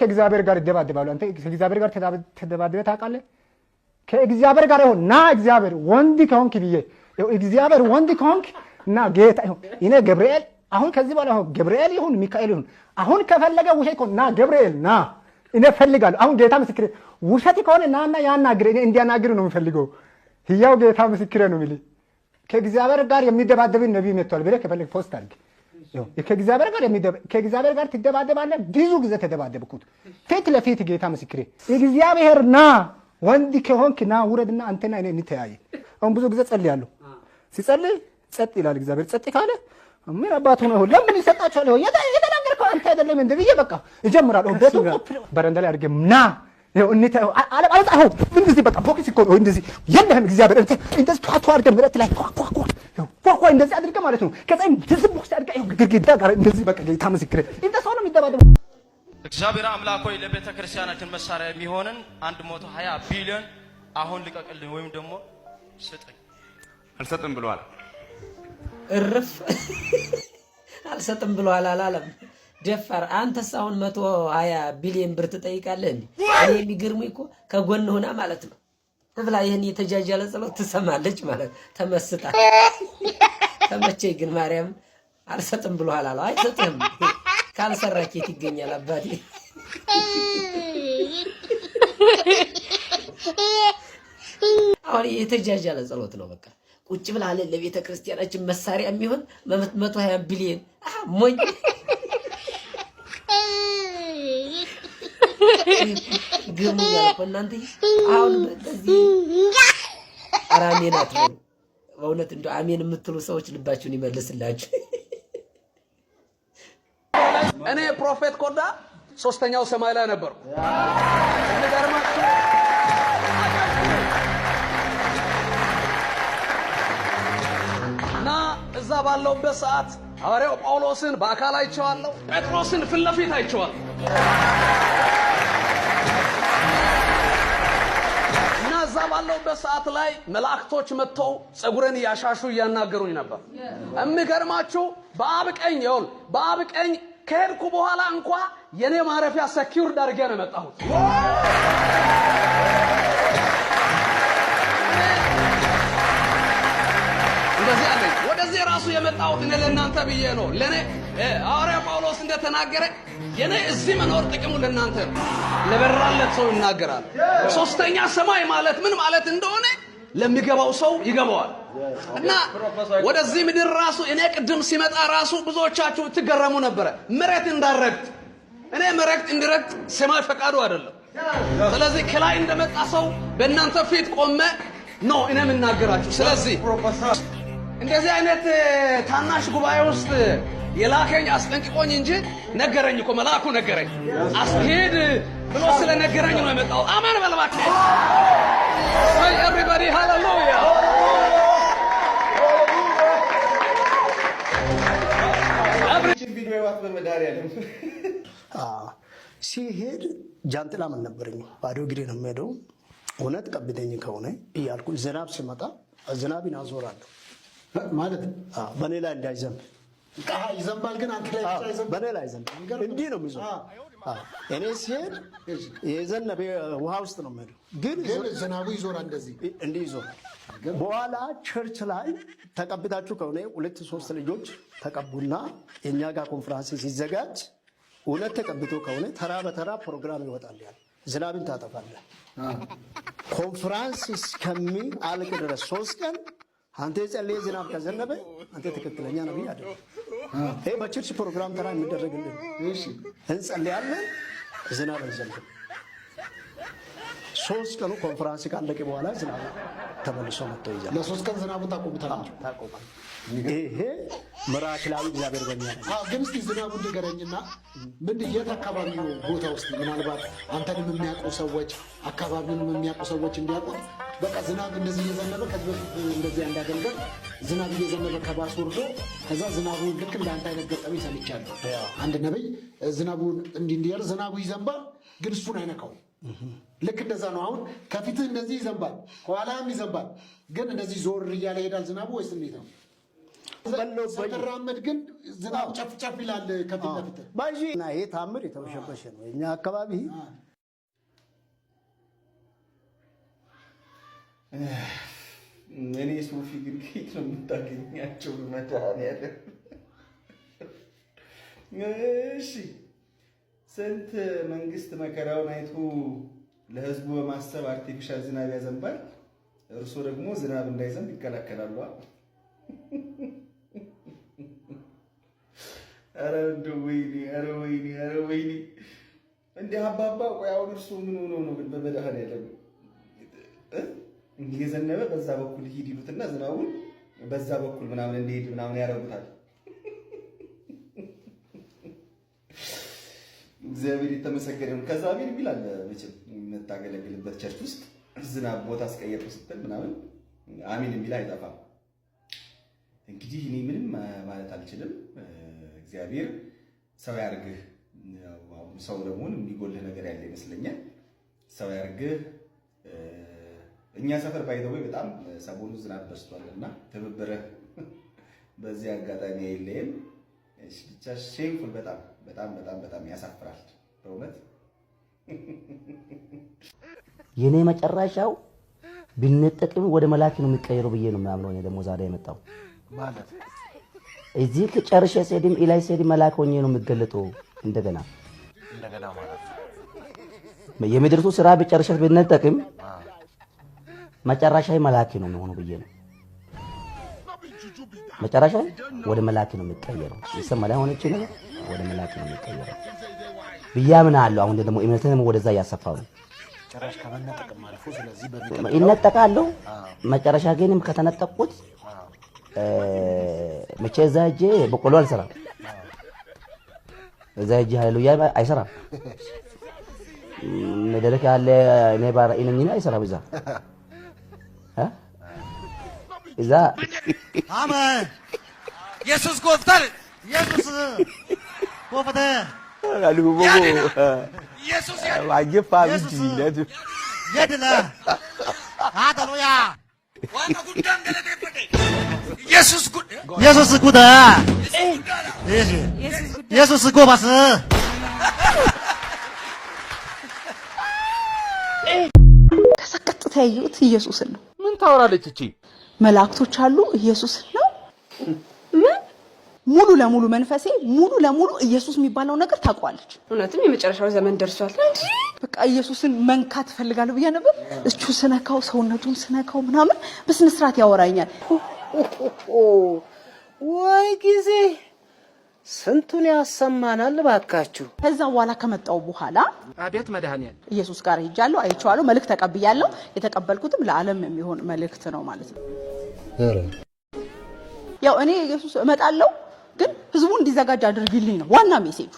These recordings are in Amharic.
ከእግዚአብሔር ጋር ይደባደባሉ። አንተ ከእግዚአብሔር ጋር ተደባደበ ታውቃለህ? ከእግዚአብሔር ጋር ይሁን ና እግዚአብሔር ወንድ ከሆንክ ብዬ እግዚአብሔር ወንድ ከሆንክ ና ጌታ ይሁን እኔ ገብርኤል አሁን ከዚህ በኋላ አሁን ገብርኤል ይሁን ሚካኤል ይሁን አሁን ከፈለገ ውሸት ከሆነ ና ገብርኤል ና እኔ ፈልጋለሁ። አሁን ጌታ ምስክሬ ውሸት ከሆነ ናና ያናግር እኔ እንዲያናግር ነው የምፈልገው። ህያው ጌታ ምስክሬ ነው የሚል ከእግዚአብሔር ጋር የሚደባደብን ነቢይ መጥቷል ብለህ ከፈለግ ፖስት አድርግ። ከእግዚአብሔር ጋር ከእግዚአብሔር ጋር ትደባደባለህ። ብዙ ጊዜ ተደባደብኩት። ፊት ለፊት ጌታ ምስክሬ እግዚአብሔር ና ወንድ ከሆንክ ና ውረድና አንተና እኔ እንተያየ። አሁን ብዙ ጊዜ ጸልያለሁ። ሲጸልይ ጸጥ ይላል እግዚአብሔር። ጸጥ ካለ ምን አባት ሆነ ይሆን? ለምን ይሰጣቸዋል ይሆን? የተናገርከው አንተ አይደለም እንደ ብዬ በቃ እጀምራለሁ። ቤቱ በረንዳ ላይ አድርጌ ና እንደዚህ በቃ ፎክስ እኮ ነው እንደዚህ የለህም እግዚአብሔር እንደዚህ ቷቷ አድርገህ ምረት ላይ ኳኳኳ ኮርኳይ እንደዚህ አድርገህ ማለት ነው። ከፀሐይ ትዝብ ውስጥ አድርገህ ይኸው ግድግዳ ጋር እንደዚህ በቃ ጌታ ምስክር እንደ ሰው ነው የሚደባደቡ። እግዚአብሔር አምላክ ሆይ ለቤተ ክርስቲያናችን መሳሪያ የሚሆንን 120 ቢሊዮን አሁን ልቀቅልኝ ወይም ደግሞ ስጠኝ። አልሰጥም ብለዋል። እርፍ አልሰጥም ብለዋል አላለም። ደፋር አንተስ አሁን መቶ ሀያ ቢሊዮን ብር ትጠይቃለህ እኔ የሚገርሙ እኮ ከጎን ሆና ማለት ነው ተብላ ይህን የተጃጃለ ጸሎት ትሰማለች ማለት ተመስጣ ተመቼ ግን ማርያም አልሰጥም ብሏል አለው። አይሰጥም ካልሰራ ይገኛል አባቴ። አሁን የተጃጃለ ጸሎት ነው። በቃ ቁጭ ብላ አለ ለቤተ ክርስቲያናችን መሳሪያ የሚሆን መቶ ሀያ ቢሊዮን ሞኝ ግም እያልኩ እናንተ አሁን በዚህ ኧረ አሜን አትበሉ። በእውነት እንደው አሜን የምትሉ ሰዎች ልባችሁን ይመልስላችሁ። እኔ ፕሮፌት ኮዳ ሶስተኛው ሰማይ ላይ ነበርኩ። እዛ ባለውበት ሰዓት ሐዋርያው ጳውሎስን በአካል አይቼዋለሁ። ጴጥሮስን ፊት ለፊት አይቼዋለሁ። ባለውበት ሰዓት ላይ መላእክቶች መጥተው ጸጉረን እያሻሹ እያናገሩኝ ነበር። የሚገርማችሁ በአብ ቀኝ ይሁን በአብ ቀኝ ከሄድኩ በኋላ እንኳ የኔ ማረፊያ ሰኪውር አድርጌ ነው የመጣሁት። እንደዚህ አለኝ። ወደዚህ ራሱ የመጣሁት እኔ ለእናንተ ብዬ ነው ለእኔ ሐዋርያ ጳውሎስ እንደተናገረ የኔ እዚህ መኖር ጥቅሙ ለእናንተ ነው፣ ለበራለት ሰው ይናገራል። ሶስተኛ ሰማይ ማለት ምን ማለት እንደሆነ ለሚገባው ሰው ይገባዋል። እና ወደዚህ ምድር ራሱ እኔ ቅድም ሲመጣ ራሱ ብዙዎቻችሁ ትገረሙ ነበረ። መሬት እንዳረግጥ እኔ መሬት እንድረግጥ ሰማይ ፈቃዱ አይደለም። ስለዚህ ከላይ እንደመጣ ሰው በእናንተ ፊት ቆመ ነው እኔ የምናገራችሁ። ስለዚህ እንደዚህ አይነት ታናሽ ጉባኤ ውስጥ የላከኝ አስጠንቅቆኝ እንጂ ነገረኝ እኮ መልአኩ ነገረኝ። አስሄድ ብሎ ስለነገረኝ ነው የመጣው። አማን በለባክ ሰይ ኤቭሪባዲ ሃሌሉያ። ሲሄድ ጃንጥላ ምን ነበረኝ፣ ባዶ እግሬ ነው የሚሄደው። እውነት ቀብደኝ ከሆነ እያልኩ ዝናብ ሲመጣ ዝናብን አዞራለሁ ማለት በኔ ላይ እንዳይዘንብ ይዘንባል ግን አንተ ላይ ላይ ይዘንባል። እንዲህ ነው እኔ ሲሄድ የዘነበ ውሃ ውስጥ ነው የምሄደው፣ ግን ዝናቡ ይዞራል። እንደዚህ እንዲህ ይዞራል። በኋላ ቸርች ላይ ተቀብታችሁ ከሆነ ሁለት ሶስት ልጆች ተቀቡና የእኛ ጋር ኮንፈራንስ ሲዘጋጅ እውነት ተቀብቶ ከሆነ ተራ በተራ ፕሮግራም ይወጣል። ያለ ዝናብን ታጠፋለህ። እስከሚ አልቅ ድረስ ሶስት ቀን አንተ የጸለየ ዝናብ ከዘነበ አንተ ትክክለኛ ነብይ አይደለም። ይሄ በቸርች ፕሮግራም ተራ የሚደረግልን እሺ፣ እንጸልያለን፣ ዝናብ አንዘንብም። ሶስት ቀኑ ኮንፈራንስ ካለቀ በኋላ ዝናብ ተመልሶ መጥቶ ይዛል። ለሶስት ቀን ዝናቡ ታቆሙታላችሁ። ይሄ ምራክላዊ እግዚአብሔር በኛ ግን እስቲ ዝናቡ ንገረኝና ምን የት አካባቢ ቦታ ውስጥ ምናልባት አንተንም የሚያውቁ ሰዎች አካባቢንም የሚያውቁ ሰዎች እንዲያውቁት በቃ ዝናብ እንደዚህ እየዘነበ ከዚህ በፊት እንደዚህ እንዳገልገል ዝናብ እየዘነበ ከባስ ወርዶ ከዛ ዝናቡን ልክ እንደ አንተ አይነት ገጠመኝ ሰምቻለሁ። አንድ ነቢይ ዝናቡን እንዲህ እንዲያር ዝናቡ ይዘንባል፣ ግን እሱን አይነካው። ልክ እንደዛ ነው። አሁን ከፊትህ እንደዚህ ይዘንባል፣ ከኋላም ይዘንባል፣ ግን እንደዚህ ዞር እያለ ይሄዳል ዝናቡ ወይስ እንዴት ነው? ስትራመድ ግን ዝናብ ጨፍጨፍ ይላል ከፊት ለፊት። ይሄ ታምር የተበሸበሸ ነው እኛ አካባቢ እኔ ሶፊ ግን ከየት ነው የምታገኛቸው? መድኃኒዓለም እሺ፣ ስንት መንግስት መከራውን አይቶ ለህዝቡ በማሰብ አርቲፊሻል ዝናብ ያዘንባል። እርሶ ደግሞ ዝናብ እንዳይዘንብ ይከላከላሉ። ኧረ እንደው ወይኔ፣ ኧረ ወይኔ፣ ኧረ ወይኔ! እንዲህ አባባ፣ ቆይ አሁን እርሶ ምን ሆነው ነው ግን በመድኃኒዓለም እንግዲህ የዘነበ በዛ በኩል ሂድ ይሉትና ዝናቡን በዛ በኩል ምናምን እንደሄድ ምናምን ያደርጉታል። እግዚአብሔር የተመሰገነ ነው። ከዛ ቤት የሚል አለ መቼም የምታገለግልበት ቸርች ውስጥ ዝናብ ቦታ አስቀየርኩ ስትል ምናምን አሚን የሚል አይጠፋም። እንግዲህ እኔ ምንም ማለት አልችልም። እግዚአብሔር ሰው ያርግህ። ሰው ደግሞ የሚጎልህ ነገር ያለ ይመስለኛል። ሰው ያርግህ። እኛ ሰፈር ባይተው በጣም ሰሞኑ ዝናብ በስቷል እና ትብብር በዚህ አጋጣሚ እሺ ብቻ ሼምፉል በጣም በጣም በጣም በጣም ያሳፍራል በእውነት። የኔ መጨረሻው ቢነጠቅም ወደ መላክ ነው የሚቀየረው ብዬ ነው የምናምነው። እኔ ደግሞ ዛሬ የመጣው ማለት እዚህ ከጨርሼ ስሄድም ኢላይ ስሄድ መላክ ሆኜ ነው የሚገለጠው እንደገና እንደገና ማለት የምድርቱ ስራ ቢጨርሼ ቢነጠቅም መጨረሻ መላኪ ነው የሚሆኑ ብዬ ነው። መጨረሻ ወደ መላኪ ነው የሚቀየረው። ይሰማ ላይ ሆነች ነው ወደ መላኪ ነው የሚቀየረው ምን አለው። አሁን ደግሞ እምነትህን ወደዛ እያሰፋው ነው ይነጠቃለሁ። መጨረሻ ግንም ከተነጠቁት መቼ እዛ ሂጅ በቆሎ አልሰራም። እዛ ሂጅ ሃሌሉያ አይሰራም። መድረክ ያለ እኔ ባራ አይሰራም እዛ እዛ አመ ኢየሱስ ጎፍታል ኢየሱስ ጎፍተ አልሁቦ ኢየሱስ ያጀፋ ብጂ ለዱ የድለ ሃሌሉያ ኢየሱስ ጉድ ኢየሱስ ጎባስ ከዛ ቀጥታ ያየሁት ኢየሱስን ነው። ታወራለች እቺ። መላእክቶች አሉ ኢየሱስ ነው ምን ሙሉ ለሙሉ መንፈሴ ሙሉ ለሙሉ ኢየሱስ የሚባለው ነገር ታውቋለች። እውነትም የመጨረሻው ዘመን ደርሷል። በቃ ኢየሱስን መንካት እፈልጋለሁ ብዬ ነበር። እቹ ስነካው፣ ሰውነቱን ስነካው ምናምን በስነ ስርዓት ያወራኛል። ወይ ጊዜ ስንቱን ያሰማናል ባካችሁ። ከዛ በኋላ ከመጣው በኋላ አቤት መድኃኒያ ኢየሱስ ጋር ሄጃለሁ፣ አይቼዋለሁ፣ መልእክት ተቀብያለሁ። የተቀበልኩትም ለዓለም የሚሆን መልእክት ነው ማለት ነው። ያው እኔ ኢየሱስ እመጣለሁ፣ ግን ህዝቡ እንዲዘጋጅ አድርግልኝ ነው ዋና ሜሴጁ።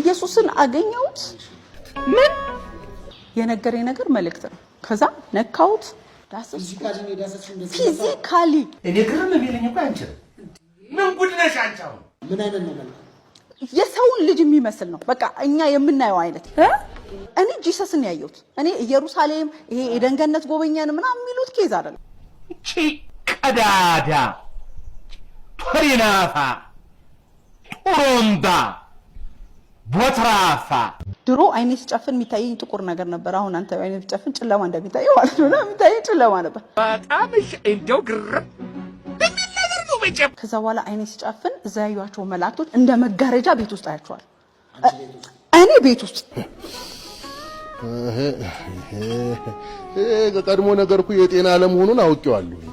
ኢየሱስን አገኘሁት። ምን የነገረኝ ነገር መልእክት ነው። ከዛ ነካሁት ፊዚካሊ እኔ ግርም ቢለኝ እኮ ምን ጉድ ነሽ አንቺ። አሁን ምን አይነት ነው የሰውን ልጅ የሚመስል ነው። በቃ እኛ የምናየው አይነት እኔ ጂሰስን ያየሁት እኔ ኢየሩሳሌም ይሄ የደንገነት ጎበኛን ምናምን የሚሉት ኬዝ አይደለም። እቺ ቀዳዳ ቶሪናፋ ጦሮምባ ወትራፋ ድሮ አይኔ ሲጨፍን የሚታየኝ ጥቁር ነገር ነበር። አሁን አንተ አይኔ ሲጨፍን ጨለማ እንደሚታይ ማለት ነው። የሚታየኝ ጨለማ ነበር። በጣም እንደው ግርም ከዛ በኋላ አይኔ ሲጨፍን እዛ ያዩቸው መላእክቶች እንደ መጋረጃ ቤት ውስጥ አያቸዋል። እኔ ቤት ውስጥ ቀድሞ ነገር እኮ የጤና አለመሆኑን አውቄዋለሁ።